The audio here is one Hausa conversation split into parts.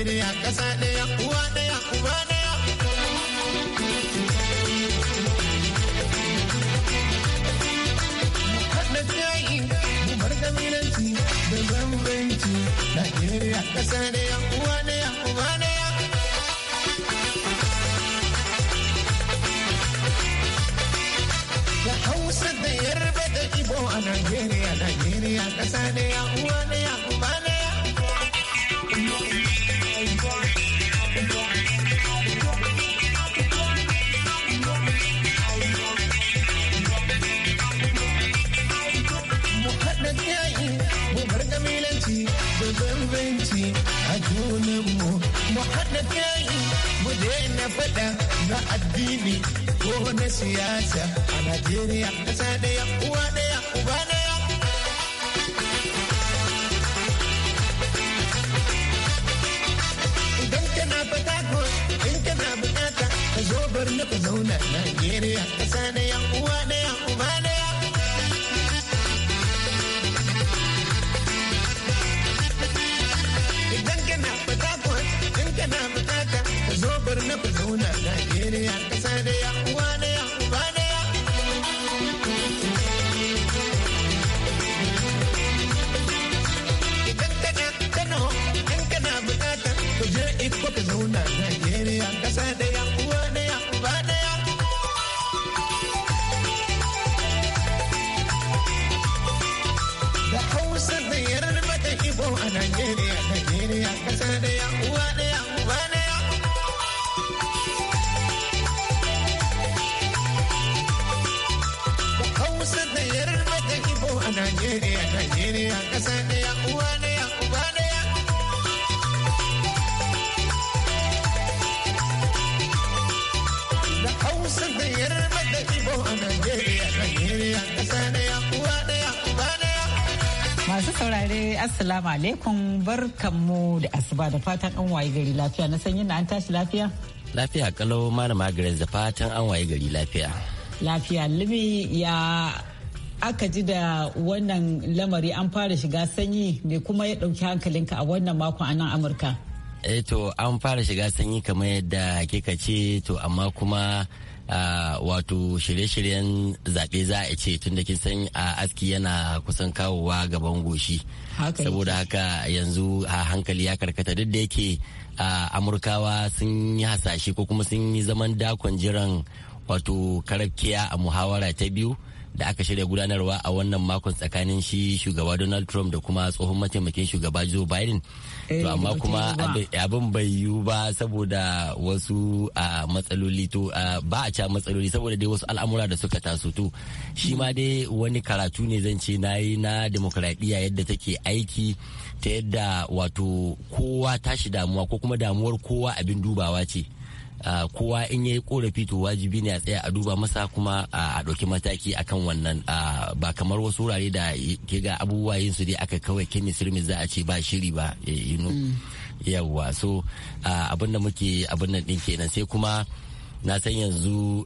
Najeriya ƙasa ɗaya uwa ɗaya uba ɗaya. mu bar da bambanci, Najeriya ƙasa daya yafi a junanmu mu haɗa kai mu daina faɗa na addini ko na siyasa a Najeriya ƙasa ɗaya uwa ɗaya uba ɗaya. Idan kana fata ko in kana bukata ka zo bar na ku zauna Najeriya. Najeriya, Najeriya, kasa ɗaya, uwa ɗaya, uba ɗaya. Hausa da Yarba da Ibo a Najeriya, Najeriya, kasa ɗaya. Assalamu alaikum barkanmu da asuba da fatan an waye gari lafiya na sanyin na an tashi lafiya? Lafiya kalau malama Grace da fatan an waye gari lafiya. Lafiya limi ya aka ji da wannan lamari an fara shiga sanyi me kuma ya ɗauki hankalinka a wannan makon a nan Amurka? Eh to an fara shiga sanyi kamar yadda kika ce to amma kuma wato shirye-shiryen zaɓe za a ce tun da kin san a aski yana kusan kawowa gaban goshi saboda haka yanzu a hankali ya karkata duk da yake amurkawa sun yi hasashe ko kuma sun yi zaman dakon jiran wato karakkiya a muhawara ta biyu da aka shirya gudanarwa a wannan makon tsakanin shi shugaba Donald Trump da kuma tsohon mataimakin shugaba Joe Biden. To eh, amma kuma abin bai yiwu ba saboda wasu a matsaloli to ba a ca matsaloli saboda dai wasu al'amura da suka taso to shi ma dai wani karatu ne zan ce na yi na demokradiyya yadda take aiki ta yadda wato kowa tashi damuwa ko kuma damuwar kowa abin dubawa ce. kowa in yayi korafi to wajibi ne a tsaya a duba masa kuma a ɗauki mataki akan wannan ba kamar wasu wurare da ke ga abubuwa yin su dai aka kawai sirmi za a ce ba shiri ba eh, mm. yawwa so abinda muke abin nan ɗin kenan sai kuma na san yanzu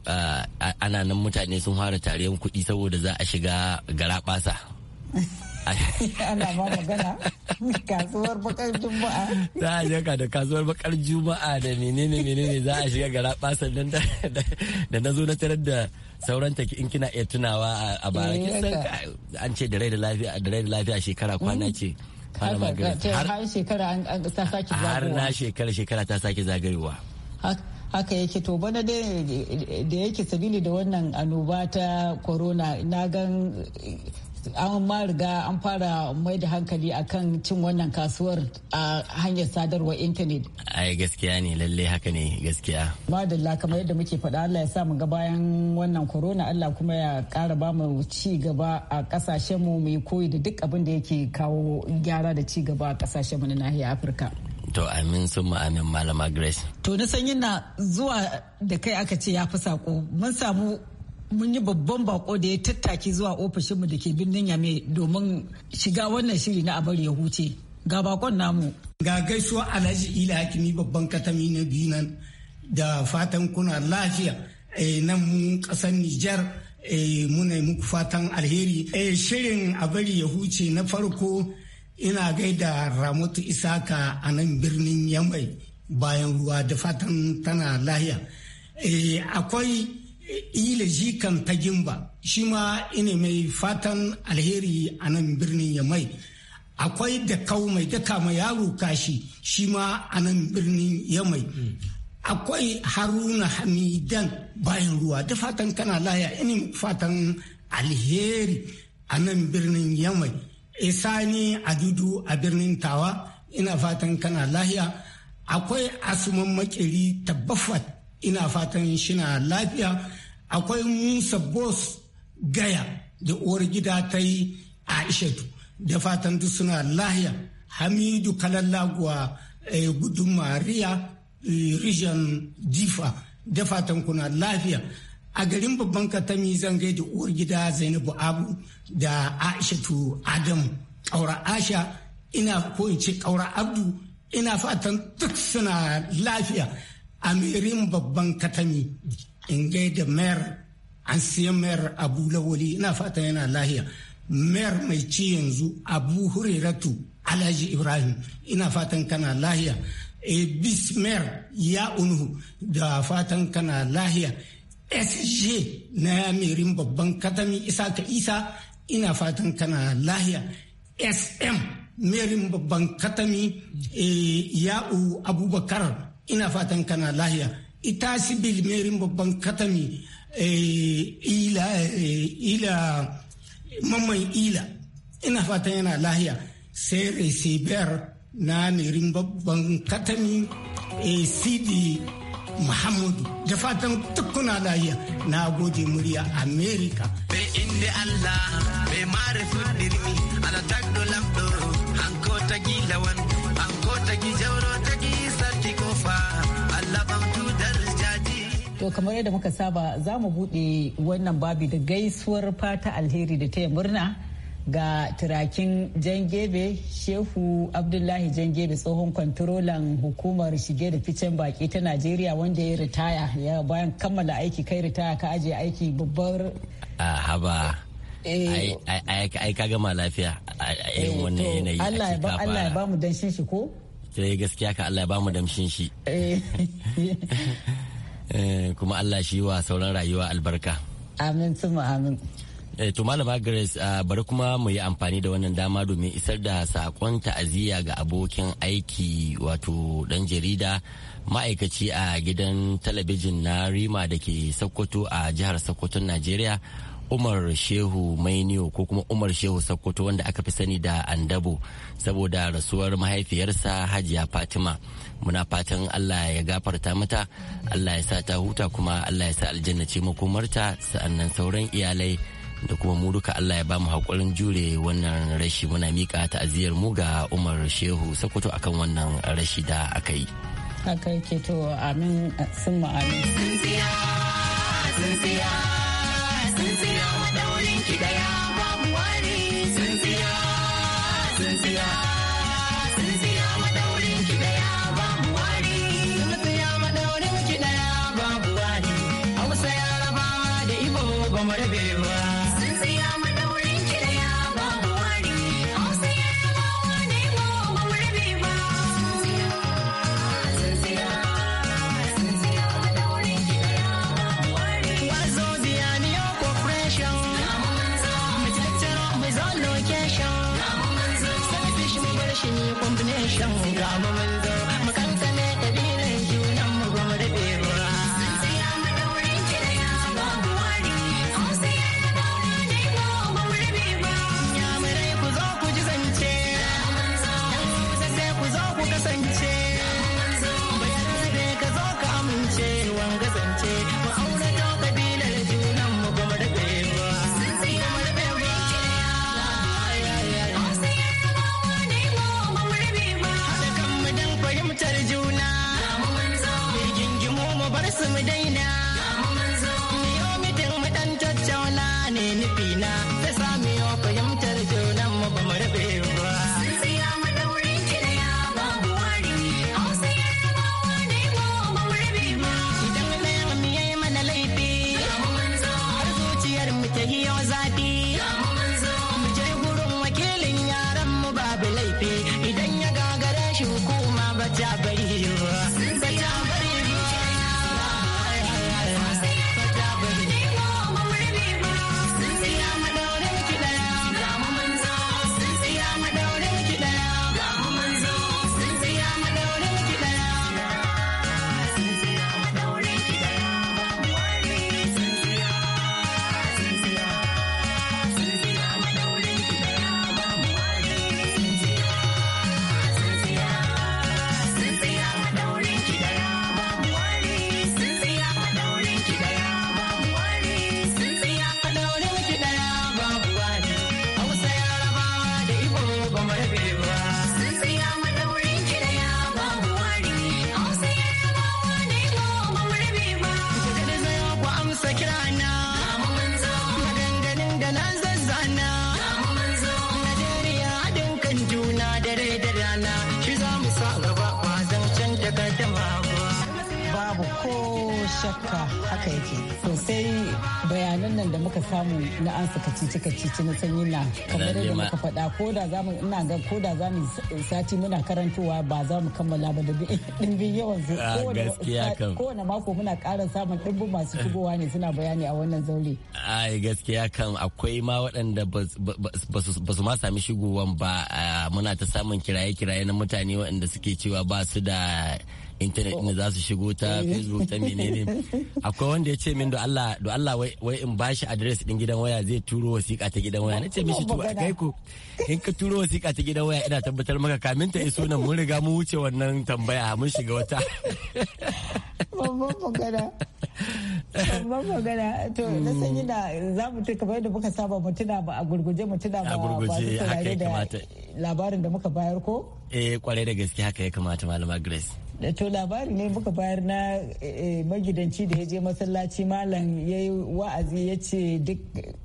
ana nan mutane sun fara tariyan kuɗi saboda za a shiga garaɓasa ana ba magana kasuwar bakar juma'a za a da kasuwar bakar juma'a da menene menene za a shiga gara basan nan da na zo na tarar da sauran ta in kina iya tunawa a bara an ce da rai da lafiya da rai da lafiya shekara kwana ce mm. har shekara ta sake zagayowa har na shekara shekara ta sake zagayowa haka yake to bana da yake sabili da wannan annoba ta corona na gan an ma riga an fara mai da hankali akan cin wannan kasuwar a hanyar sadarwar intanet ai gaskiya ne lalle haka ne gaskiya madalla kamar yadda muke faɗa Allah ya sa mu ga bayan wannan corona Allah kuma ya ƙara ba mu ci gaba a ƙasashen mu mu koyi da duk abin da yake kawo gyara da ci gaba a ƙasashen mu na nahiyar Afirka To amin sun amin malama Grace. To na yin na zuwa da kai aka ce ya fi sako mun samu mun yi babban bako da ya tattaki zuwa ofishinmu da ke birnin yame domin shiga wannan shiri na abar ya huce ga bakon namu ga gaisuwa alhaji ila hakimi babban katami na biyu nan da fatan kuna lafiya eh, nan mun kasar nijar eh, muna muku fatan alheri eh, shirin abar ya huce na farko ina gaida ramatu isaka a nan birnin yamai bayan ruwa da fatan tana lahiya akwai ile kan ta gimba shi ma ina mai fatan alheri a nan birnin mai. akwai da kawo mai daka mai yaro kashi shi ma a nan birnin mai. akwai haruna hamidan bayan ruwa da fatan kana laya ina fatan alheri a nan birnin mai. isani adudu a birnin tawa ina fatan kana lahiya akwai asuman makeri tabbafat ina fatan shina lafiya akwai musa bos gaya da uwar gida ta yi aishatu da fatan duk suna lahiya hamidu kalallaguwa eh, gudun mariya eh, rijan difa da fatan kuna lafiya a garin babban katami zangai da uwar gida zainabu abu da aishatu adamu ƙaura asha ina ko in ce ƙaura abdu ina fatan duk suna lafiya amirin babban katami in gaida mayar an siya mayar abu lawali ina fata yana lahiya mayar mai ci yanzu abu hurairatu alhaji ibrahim ina fatan kana lahiya eh, bis mayar ya unu da fatan kana lahiya sj na amirin babban katami Isaka isa ina fatan kana lahiya sm merin babban katami eh, ya'u abubakar ina fatan kana lahiya ita sibil merin babban katami eh, ila eh, ila mamman ila ina fatan yana lahiya sai receiver na merin babban katami eh, sidi muhammadu da fatan tukuna lahiya na gode murya america inda allah bai mara fudirmi ala tagdo lamdo hanko ta gila wani To kamar yadda muka saba za mu buɗe wannan babi da gaisuwar fata alheri da taya murna ga turakin jangebe shehu abdullahi jangebe tsohon kwantarolan hukumar shige da ficen baki ta najeriya wanda ya ritaya ya bayan kammala aiki kai ritaya ka aje aiki babbar haba ai ka gama lafiya a yin eh, wannan yanayi Allah ya ba mu danshin shi ko? Eh, gaskiya ka Allah ya ba mu damshin shi eh. Eh, kuma Allah shi wa sauran rayuwa albarka amin suma amin eh, to malama grace ah, bari kuma mu yi amfani da wannan dama domin isar da saƙon ta'aziyya ga abokin aiki wato dan jarida ma'aikaci a gidan talabijin na rima da ke sokoto a jihar sokoton najeriya Umar Shehu Mainiyo ko kuma Umar Shehu Sokoto wanda aka fi sani da Andabo saboda rasuwar mahaifiyarsa Hajiya Fatima. muna fatan allah ya gafarta mata allah ya sa ta huta kuma allah ya sa aljanna ce makomarta sa'annan sauran iyalai da kuma mu duka Allah ya ba mu haƙurin jure wannan rashi muna miƙa ta'aziyar mu ga Umar Shehu Sokoto akan wannan rashi da aka yi. Haka yake to amin sun ma'amin. Sun siya, sun siya, ki da ya wani. shakka haka yake sosai bayanan nan da muka samu na an suka cici kacici na sanyi na kamar yadda muka faɗa ko da zamu ina ga ko da zamu sati muna karantowa ba za mu kammala ba da dimbin yawan su ah, kowane mako muna ƙara samun dimbin masu shigowa ne suna bayani a wannan zaure ai gaskiya kan akwai ma waɗanda ba su ma sami shigowan ba ah, muna ta samun kiraye-kiraye na mutane waɗanda suke cewa ba su da intanet ne za su shigo ta eh. facebook ta menene akwai wanda ya ce min da Allah da Allah wai in ba shi address din gidan waya zai turo wasiƙa ta gidan waya nace mishi to kai ko in ka turo wasiƙa ta gidan waya ina tabbatar maka kamin ta iso nan mun riga mun wuce wannan tambaya mun shiga wata babban magana babban magana to na san yana za mu kamar yadda muka saba mu tuna ba a gurguje mu tuna ba masu saurare da labarin da muka bayar ko eh kwarai da gaske haka ya kamata malama grace to labari ne muka bayar na eh, eh, magidanci da ya je masallaci malam ya yi wa'azi ya ce duk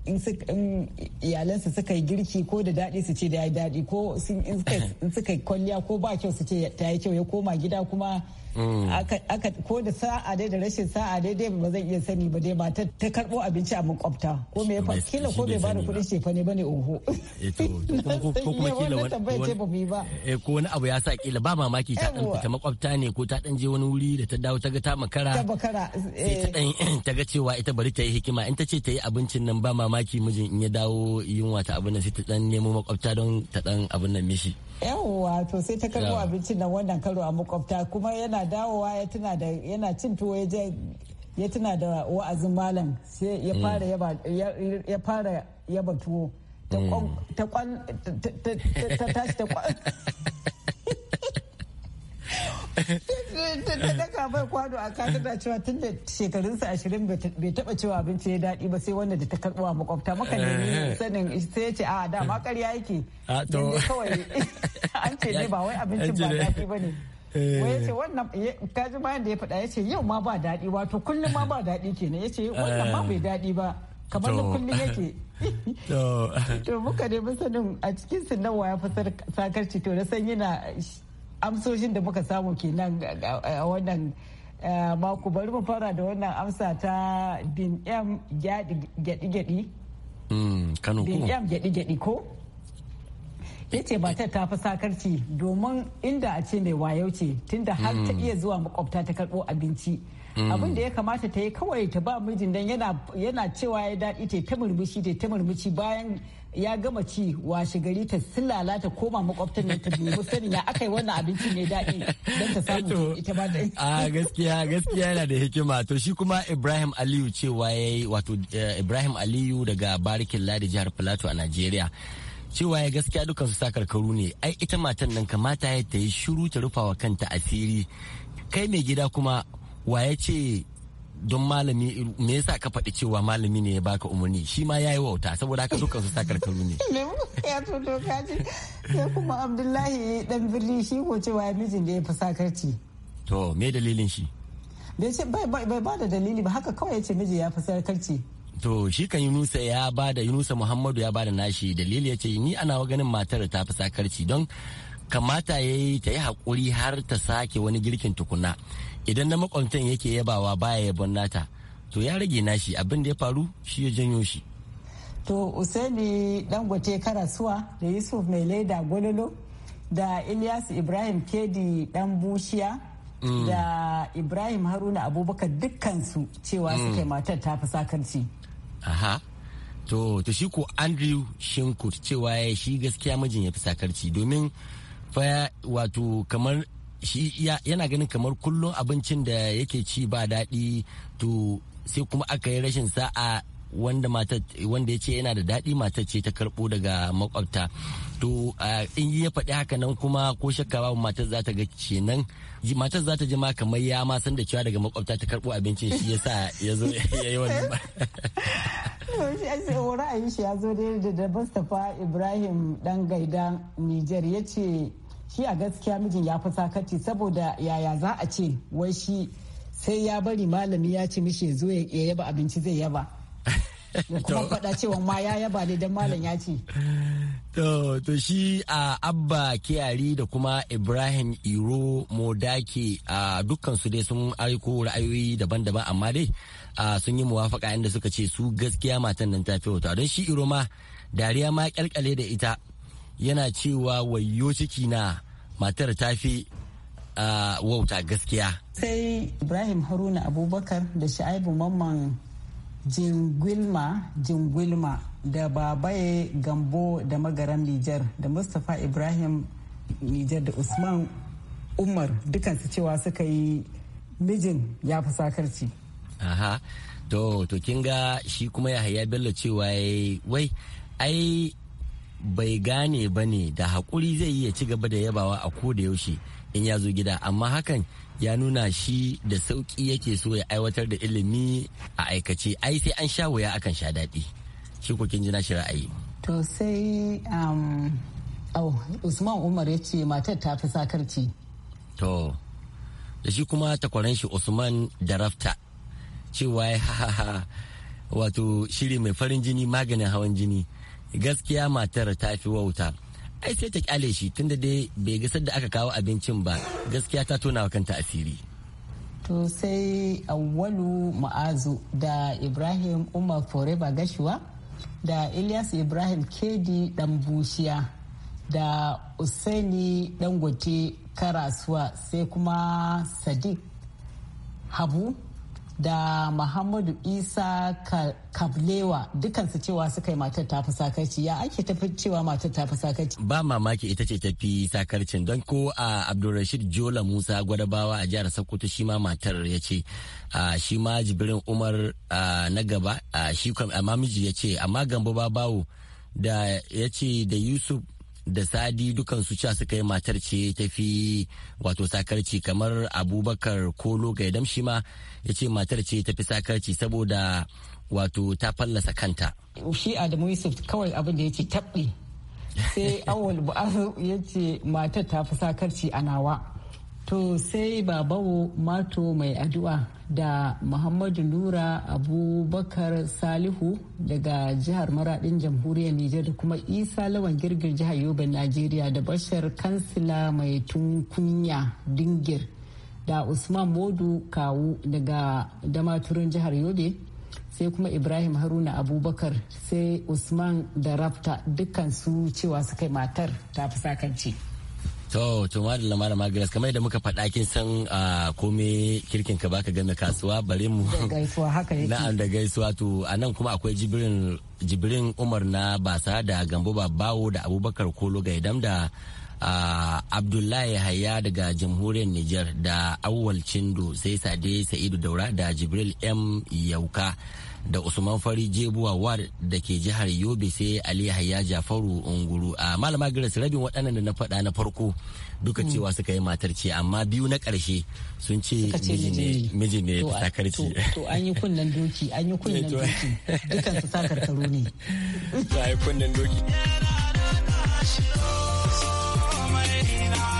in iyalansa suka yi girki ko da daɗi su ce da ya daɗi ko in suka yi kwalliya ko ba kyau su ce ta yi kyau ya koma gida kuma aka ko da sa'a dai da rashin sa'a dai dai ba zan iya sani ba dai matar ta karbo abinci a makwabta ko me fa kila ko bai bani kuɗin shefa ne bane oho eh ko kuma kila wani eh, ko wani abu ya sa kila ba mamaki ta dan fita makwabta ne ko ta dan je wani wuri da ta dawo ta ga ta makara ta makara sai ta dan eh. ta ga cewa ita bari ta yi hikima in ta ce ta yi abincin nan ba mamaki mijin in ya dawo yunwa ta abin nan sai ta dan nemo makwabta don ta dan abin nan mishi yawwa to sai ta karbo abincin nan wannan karo a makwabta kuma yana yana dawowa ya tuna da yana cin tuwo ya je ya tuna da wa'azin malam sai ya mm. fara yaba ya fara yaba tuwo ta mm. kwan ta tashi ta kwan ta daka bai kwano a kan da cewa tun da sa ashirin bai taba cewa abinci ya daɗi ba sai wanda da ta karɓo makwabta maka ne eh. sanin sai ya ce a dama ƙarya yake ah, kawai an ce ne ba wai abincin ba daɗi ba ne Eh. wai ce wannan kaji bayan da ya faɗa ya ce yau ma ba daɗi wato kullum ma ba daɗi kenan ya ce wannan ma bai eh. daɗi ba kamar da kullum yake to muka ne sanin a cikin sinan ya fi sakarci to na san yana amsoshin da muka samu kenan a wannan eh, mako bari mu fara da wannan amsa ta bin m gyaɗi-gyaɗi bin hmm, m gyaɗi-gyaɗi ko ce matar ta fi sakarci domin inda a ce mai wayo ce tunda har ta hmm. iya zuwa makwabta ta karɓo abinci hmm. abin da ya kamata ta yi kawai ta ba mijin dan yana cewa ya daɗi ta ta murmushi ta ta murmushi bayan ya gama ci washe gari ta silala ta koma makwabtar nan ta dubu sani ya aka yi wannan abinci mai daɗi don ta samu ita ba da a gaskiya gaskiya yana da hikima to shi kuma Ibrahim Aliyu cewa yayi wato eh, Ibrahim Aliyu daga Barikin Ladi jihar Plateau a nigeria. cewa ya gaskiya dukan su sakarkaru ne ai ita matan nan kamata ya ta yi shiru ta rufa wa kanta asiri kai mai gida kuma wa ya ce don malami me yasa ka faɗi cewa malami ne ya baka umarni shi ma ya yi wauta saboda haka dukkan su sakarkaru ne. ya to doka ce sai kuma abdullahi dan birni shi ko cewa mijin da ya fi sakarci. to me dalilin shi. bai ba da dalili ba haka kawai ya ce miji ya fi sakarci. To shi kan Yunusa ya ba da Yunusa Muhammadu ya ba da nashi dalili ya ce ni ana ganin matar ta fi sakarci don kamata ya yi ta yi haƙuri har ta sake wani girkin tukuna idan na makwamtan yake yabawa baya ya yabon nata to ya rage nashi abin da ya faru shi ya janyo shi. To Usaini Dangote Karasuwa da Yusuf Mai Leda Gololo da Ilyas Ibrahim Kedi Dan Bushiya mm. da Ibrahim Haruna Abubakar dukkansu cewa mm. suke matar ta fi sakarci. aha to to shi ko andrew shinkut cewa ya shi gaskiya mijin ya fi sakarci domin fa wato kamar shi yana ganin kamar kullum abincin da yake ci ba daɗi to sai kuma aka yi rashin sa'a wanda ya ce yana da daɗi matar ce ta karɓo daga makwabta to in ya faɗi haka nan kuma ko shakka babu matar za ta ga kenan matar za ta ji ma kamar ya ma san da cewa daga makwabta ta karɓo abincin shi yasa ya zo ya yi wani ba shi ya zo da da Mustapha Ibrahim dan gaida Niger ya ce shi a gaskiya mijin ya fi sakati saboda yaya za a ce wai shi sai ya bari malami ya ci mishi zo ya yaba abinci zai yaba kuma faɗa cewa ma ya yaba ne don malam ya ce. To, shi a Abba Kiyari da kuma Ibrahim Iro Modake a su dai sun aiko ra'ayoyi daban-daban amma dai sun yi muwafaka inda suka ce su gaskiya matan nan ta fi wata don shi Iro ma dariya ma kyalkyale da ita yana cewa wayo ciki na matar ta fi wauta gaskiya. Sai Ibrahim Haruna Abubakar da Sha'ibu Mamman jingilma jingilma da babaye gambo da magaran nijar da mustapha ibrahim nijar da usman umar dukansu cewa suka yi mijin ya fi sakarci aha to to kin shi kuma yahaya bello cewa wai ai bai gane ba ne da haƙuri zai iya ci gaba da yabawa a ko da yaushe in ya zo gida amma hakan ya nuna shi da sauki yake so ya aiwatar da ilimi a aikace ai sai an sha wuya akan sha daɗi shi ko kin ji na shi ra'ayi to sai um, oh, usman umar ya ce matar ta fi sakarci to da shi kuma takwaran shi usman da rafta cewa wato shiri mai farin jini maganin hawan jini gaskiya matar ta fi wauta ai sai ta kyale shi tunda dai bai ga da aka kawo abincin ba gaskiya ta tona kanta asiri to sai awwalu ma'azu da ibrahim umar foreba gashuwa da ilyas ibrahim kedi dan bushiya da usaini dangote karasuwa sai kuma sadiq habu da muhammadu isa kablewa dukansu cewa suka yi matar ta fi sakarci ya ake tafi cewa matar ta fi sakarci ba mamaki ita ce tafi sakarcin don ko a abdulrashid jola musa gwadabawa a jihar sokoto shi ma matar ya ce shi ma jibirin umar na gaba shi miji ya ce amma gambo ba bawo da ya ce da yusuf da sadi dukansu cewa suka yi matar ce ta fi wato sakarci kamar abubakar kolo ya shi ma ya ce matar ce ta fi sakarci saboda wato ta fallasa kanta shi adamu yusuf kawai abin da ya ce tabbi sai awal bu'azu ya ce matar ta fi sakarci a nawa to sai babawo mato mai addu'a da muhammadu nura abubakar salihu daga jihar maradin jamhuriyar nijar da kuma isa lawan girgir jihar yobe najeriya da bashar kansila mai tunkunya dingir da usman modu kawu daga damaturin jihar yobe sai kuma ibrahim haruna abubakar sai usman da rafta dukkan su cewa su matar ta fi sakanci. To, to madalla malama Grace kamar yadda muka faɗa kin san komai kirkin ka baka game kasuwa bare mu. Gaisuwa haka da gaisuwa to a nan kuma akwai Jibrin Umar na Basa da Gambo Babawo da Abubakar Kolo Gaidam da abdullahi haya daga jamhuriyar niger da awwal cindo sai sade sa'idu daura da jibril m yauka da usman fari jebuwa war da ke jihar yobe sai ali haya jafaru unguru a malama grace rabin waɗannan da na faɗa na farko duka mm. cewa suka yi matar ce amma biyu na ƙarshe sun ce miji ne ta sakarci to an yi kunnen doki an yi kunnen doki dukansu sakarkaru ne ta yi kunnen doki Argentina.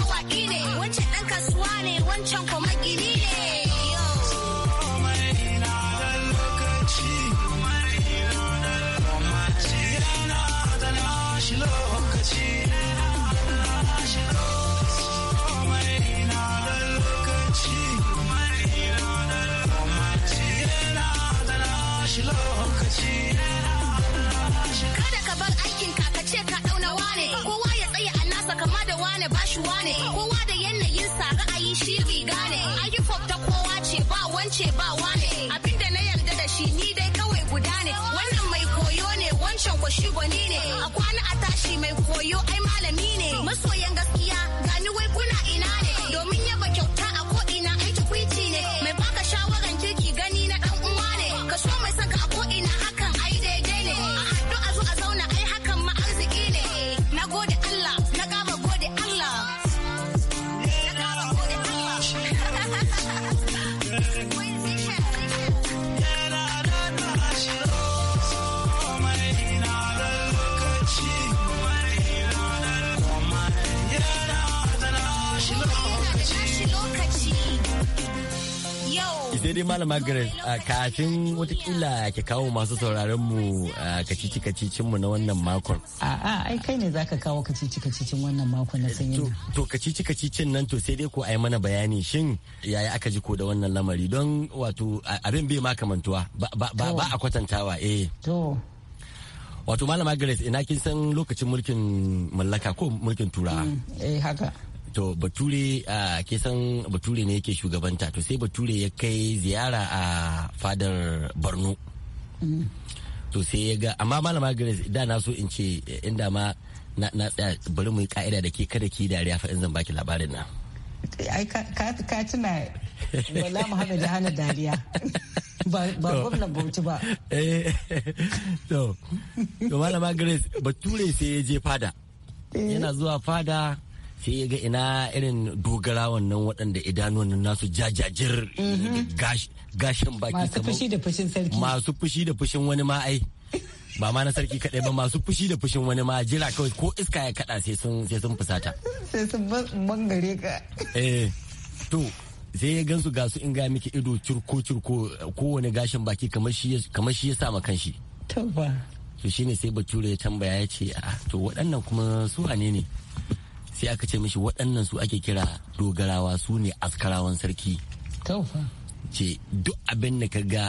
mawaƙi ne wancan ɗan kasuwa ne wancan kuma gini sa kama da wane ba shi wane kowa da yanayin sa ra'ayi shi riga ne ayyukan ta kowa ce ba wance ba wane abinda na yarda da shi ni dai kawai guda ne wannan mai koyo ne wancan kwashi gwani ne dai malama Grace kafin watakila ki kawo masu sauraron mu kacici kacicin mu na wannan makon. A'a ai kai ne za ka kawo kacici kacicin wannan makon na eh, sanyi. To kacici kacicin nan to sai dai ko ai mana bayani shin yaya aka ji ko da wannan lamari don wato abin bai ma kamantuwa ba a kwatantawa eh. To wato malam Grace ina kin san lokacin mulkin mallaka ko mulkin turawa. Mm, eh haka. to bature a san bature ne yake shugabanta to sai bature ya kai ziyara a fadar borno mm. to sai ya ga amma malama grace da na so in ce inda ma na tsaya bari mu yi ka'ida da ke kada ki dariya fa in zan baki labarin na. ai ka tuna wala muhammad hana dariya ba gwamnan bauchi ba eh, to malama grace bature sai ya je fada eh. yana zuwa fada sai ya ga ina irin dogara wannan waɗanda idanuwan nasu jajajir mhm. gashin baki masu fushi da fushin sarki masu fushi da fushin wani ma ai ba ma na sarki kaɗai ba masu fushi da fushin wani ma jira kawai ko iska ya kaɗa sai sun sai sun fusata sai sun bangare ka eh to sai ya gansu ga su in ga miki ido curko curko kowane gashin baki kamar shi kamar shi ya sa ma shi to shine sai bature ya tambaya ya ce a ah, to waɗannan kuma su ne ne sai aka ce mishi waɗannan su ake kira dogarawa su ne askarawan sarki ce duk abin da ka ga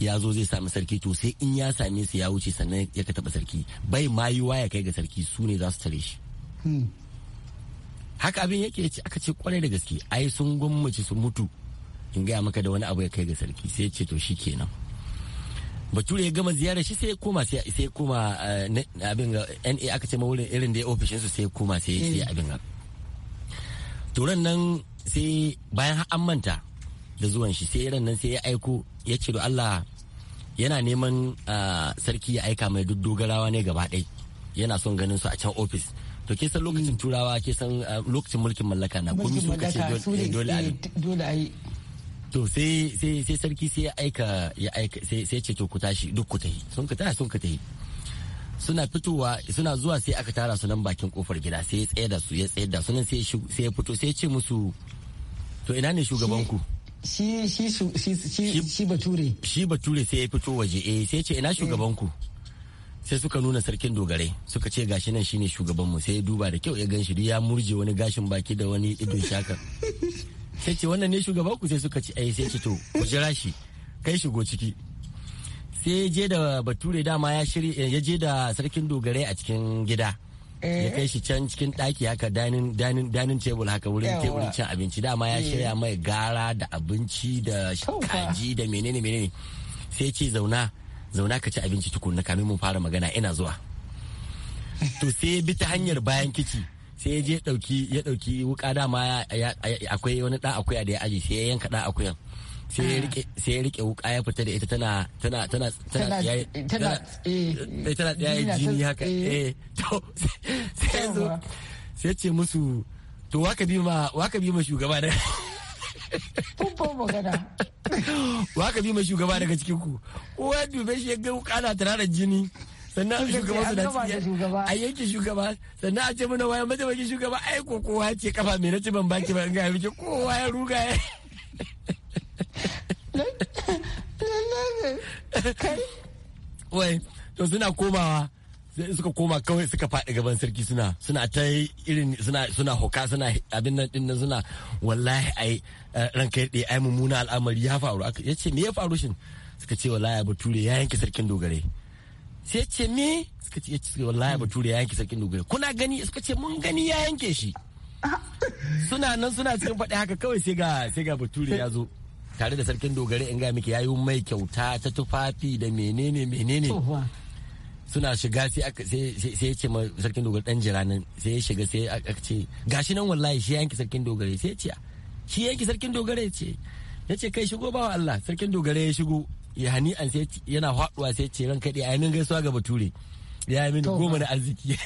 ya zo zai sami sarki to sai in ya same su ya wuce sannan ya ka taɓa sarki bai ma yiwa ya kai ga sarki su ne za su tare shi hmm. haka abin yake ce aka ce kwarai da gaske ai sun gwammace su mutu in gaya maka da wani abu ya kai ga sarki sai ce to shi kenan bature ya gama ziyarar shi sai ya koma sai ya koma eh, abin ga na aka ce ma wurin irin da ya ofishin su sai ya koma sai ya eh. abin ga turan nan sai bayan an manta da zuwan shi sai ran nan sai ya aiko ya ce da Allah yana neman ah, sarki ya aika mai duk dogarawa ne gaba ɗai yana son ganin su a can ofis to ke san lokacin mm. turawa ke san ah, lokacin mulkin mallaka na komi su kace eh, dole a yi to sai sai sai sarki sai ya aika ya aika sai sai ce to ku tashi duk ku tahi sun ka tashi sun ka tahi suna fitowa suna zuwa sai aka tara su nan bakin kofar gida sai ya tsaya da su ya tsaya da su nan sai sai ya fito sai ya ce musu to ina ne shugaban ku shi shi shi shi shi bature shi bature sai ya fito waje eh sai ya ce ina shugaban ku sai suka nuna sarkin dogare suka ce gashi nan shine mu sai ya duba da kyau ya gan shi ya murje wani gashin baki da wani idon shaka sai ce wannan ne shugaban ku sai suka ci ai eh, sai ce to ku jira shi kai shigo ciki sai je da bature dama ya shirya eh, ya je da sarkin dogare a cikin gida eh. ya kai shi can cikin daki haka danin table haka wurin teburin cin abinci dama ya shirya mai gara da abinci da kaji da menene menene sai ce zauna zauna ka ci abinci tukunna kamin mun fara magana ina zuwa to sai bi ta hanyar bayan kici sai ya je dauki ya dauki wuka dama akwai wani da akuya da ya aji sai ya yanka da akuyan sai ya ah. rike wuka ya fita da ita tana tana tana tana tana tana tana eh, eh, jini haka eh. eh to sai zo sai ce musu to waka bi ma waka bi ma shugaba da Waka bi ma shugaba daga cikin ku. Kowa dube shi ya ga wuka na tana da jini. sannan a shugaba su da a yanke shugaba sannan a ce mana waya mataimakin shugaba ai ko kowa ce kafa mai na ci ban baki ba ga miki kowa ya ruga ya wai to suna komawa suka koma kawai suka faɗi gaban sarki suna suna ta irin suna suna hoka suna abin nan din suna wallahi ai eh, ranka yadda ai mummuna al'amari ya faru yace me ya faru shin suka ce wallahi bature ya yanke sarkin dogare sai ce me suka ce yace wallahi bature ya yanke sarkin dogara kuna gani suka ce mun gani ya yanke shi suna nan suna cikin faɗi haka kawai sai ga sai ga bature ya zo tare da sarkin dogare in ga miki yayi mai kyauta ta tufafi da menene menene suna shiga sai aka sai ya ce ma sarkin dogare dan jira nan sai ya shiga sai aka ce gashi nan wallahi shi yanke sarkin dogare sai ya ce shi yanke sarkin dogare ya ce ya ce kai shigo wa Allah sarkin dogare ya shigo ya hani an sai yana faduwa sai ce ran kaɗe ainihin gaisuwa ga bature ya yi mini goma na arziki ya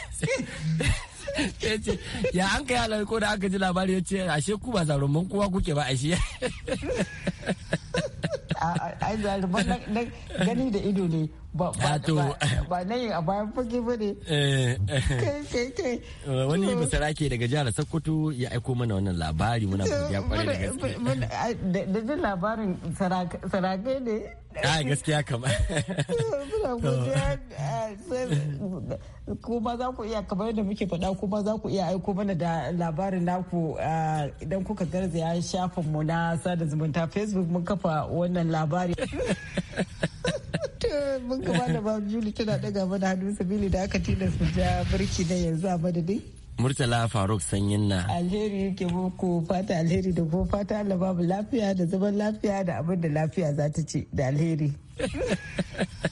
ce ya an kai halar ko da aka ji labari ya ce ashe ku ba zarumman kowa kuke ba ashe ai gani da ido ne ba ah, nan yin a bayan fage ba ne. Eh, eh. Wani basarake daga jihar Sokoto ya aiko mana wannan labari muna godiya kwarai da gaske. Da jin labarin sarakai ne. Ah, a gaskiya kama. Kuma za ku iya kamar yadda muke faɗa kuma za ku iya aiko mana da labarin naku idan kuka garzaya shafinmu na sada zumunta Facebook mun kafa wannan labari. Eh, mun kama da ba juli tana daga mana hannu sabili da aka tina su ja birki na yanzu a madadin Murtala Faruk Sanyin na. Alheri yake muku fata alheri da ko fata Allah babu lafiya da zaman lafiya da abin da lafiya za ta ce da alheri.